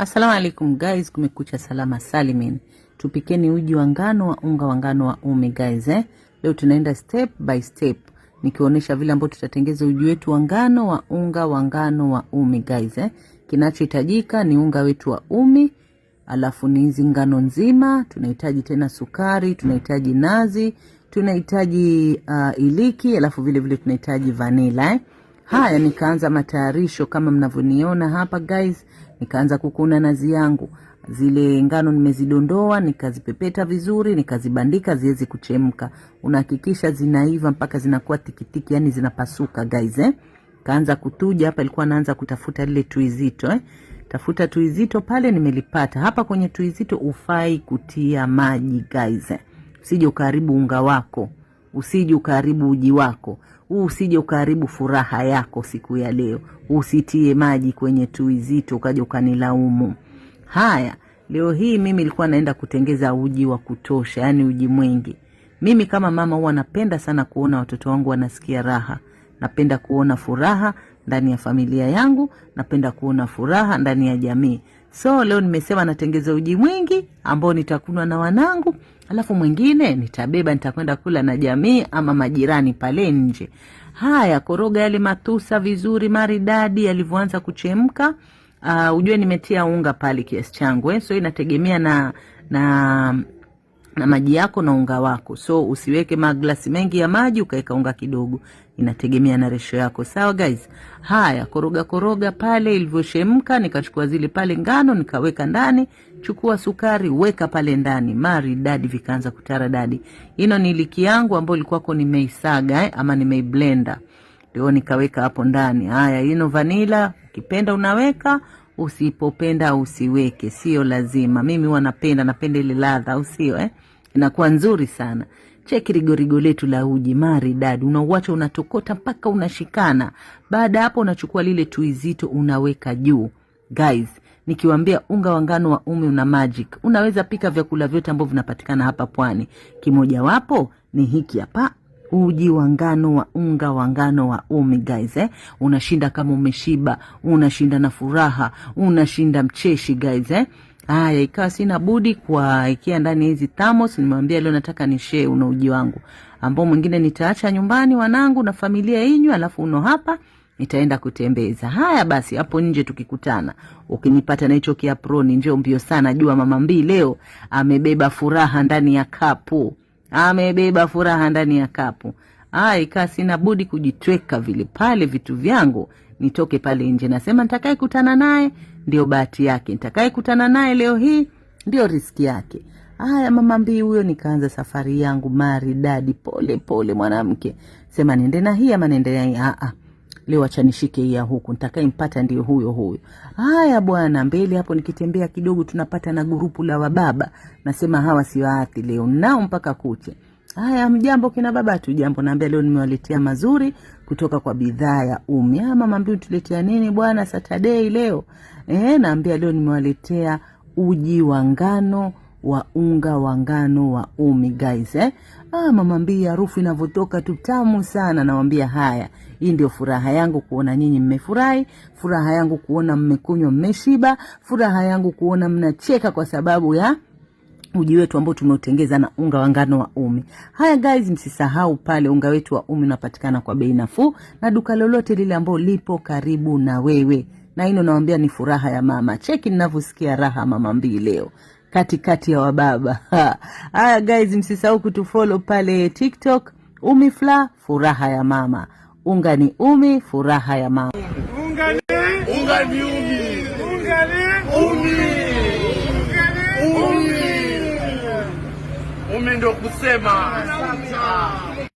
asalamu alaikum guys, kumekucha salama salimin. Tupikeni uji wa ngano wa unga wa ngano wa ume guys, eh? Leo tunaenda step by step nikionyesha vile ambavyo tutatengeza uji wetu wa ngano wa unga wa ngano wa ume guys, eh? Kinachohitajika ni unga wetu wa ume, alafu ni hizi ngano nzima, tunahitaji tena sukari, tunahitaji nazi, tunahitaji uh, iliki, alafu vile vile tunahitaji vanilla eh? Haya, nikaanza matayarisho kama mnavyoniona hapa guys, nikaanza kukuna nazi yangu. Zile ngano nimezidondoa nikazipepeta vizuri, nikazibandika ziwezi kuchemka. Unahakikisha zinaiva mpaka zinakuwa tikitiki, yani zinapasuka guys, eh. Kaanza kutuja hapa, ilikuwa naanza kutafuta lile tuizito eh. Tafuta tuizito pale, nimelipata hapa. Kwenye tuizito ufai kutia maji guys, eh? usije ukaharibu unga wako, usije ukaharibu uji wako usije ukaharibu furaha yako siku ya leo, usitie maji kwenye tui zito ukaja ukanilaumu. Haya, leo hii mimi nilikuwa naenda kutengeza uji wa kutosha, yani uji mwingi. Mimi kama mama huwa napenda sana kuona watoto wangu wanasikia raha, napenda kuona furaha ndani ya familia yangu, napenda kuona furaha ndani ya jamii. So leo nimesema natengeza uji mwingi ambao nitakunwa na wanangu, alafu mwingine nitabeba nitakwenda kula na jamii ama majirani pale nje. Haya, koroga yale matusa vizuri maridadi yalivyoanza kuchemka. Uh, ujue nimetia unga pale kiasi changu eh, so inategemea na na na maji yako na unga wako. So usiweke maglasi mengi ya maji ukaweka unga kidogo, inategemea na resho yako. Sawa guys, haya koroga koroga pale ilivyoshemka, nikachukua zile pale ngano nikaweka ndani. Chukua sukari weka pale ndani, mari dadi vikaanza kutara dadi. Ino ni liki yangu ambayo ilikuwa ko nimeisaga eh, ama nimeiblenda, ndio nikaweka hapo ndani. Haya ino vanila ukipenda unaweka usipopenda usiweke, sio lazima. Mimi wanapenda napenda ile ladha, au sio eh? Inakuwa nzuri sana. Cheki rigorigo letu la uji maridadi, unauacha unatokota mpaka unashikana. Baada hapo, unachukua lile tuizito unaweka juu. Guys, nikiwaambia unga wa ngano wa ume una magic. Unaweza pika vyakula vyote ambavyo vinapatikana hapa pwani, kimojawapo ni hiki hapa uji wa ngano wa unga wa ngano wa umi guys, eh? Unashinda kama umeshiba, unashinda na furaha, unashinda mcheshi guys, eh? Haya, ikawa sina budi kuwawekea ndani hizi thermos. Nimewambia leo nataka ni share una uji wangu ambao mwingine nitaacha nyumbani wanangu na familia inywa, alafu uno hapa nitaenda kutembeza. Haya basi, hapo nje tukikutana, ukinipata na hicho kiaproni, njeo mbio sana, jua mama mbii leo amebeba furaha ndani ya kapu amebeba furaha ndani ya kapu. Ai, kaa sina budi kujitweka vile pale vitu vyangu nitoke pale nje. Nasema kutana naye ndio bahati yake, kutana naye leo hii ndio riski yake. aya mama mbii huyo. Nikaanza safari yangu maridadi, pole pole, mwanamke sema nende na hii ama nende na hii leo achanishike ya huku, ntakaempata ndio huyo huyo. Haya bwana, mbele hapo nikitembea kidogo tunapata na gurupu la wababa, nasema hawa siwaathi leo, nao mpaka kuche. Haya, mjambo kina baba tu jambo, naambia leo nimewaletea mazuri kutoka kwa bidhaa ya Umi. Ah, mama Mbiu, tuletea nini bwana satadei leo? e, naambia leo nimewaletea uji wa ngano wa unga wa ngano wa umi guys, eh? Ah, mama Mbii, harufu inavyotoka tu tamu sana. Nawambia haya, hii ndio furaha yangu kuona nyinyi mmefurahi, furaha yangu kuona mmekunywa mmeshiba, furaha yangu kuona mnacheka kwa sababu ya uji wetu ambao tumeutengeza na unga wa ngano wa umi. Haya guys, msisahau pale unga wetu wa umi unapatikana kwa bei nafuu na duka lolote lile ambao lipo karibu na wewe, na hino nawambia ni furaha ya mama. Cheki ninavyosikia raha mama Mbii leo katikati ya wababa. Haya guys, msisahau kutufollow pale TikTok umi fla furaha ya mama unga ni umi furaha ya mama unga ni unga ni umi unga ni umi umi umi, umi kusema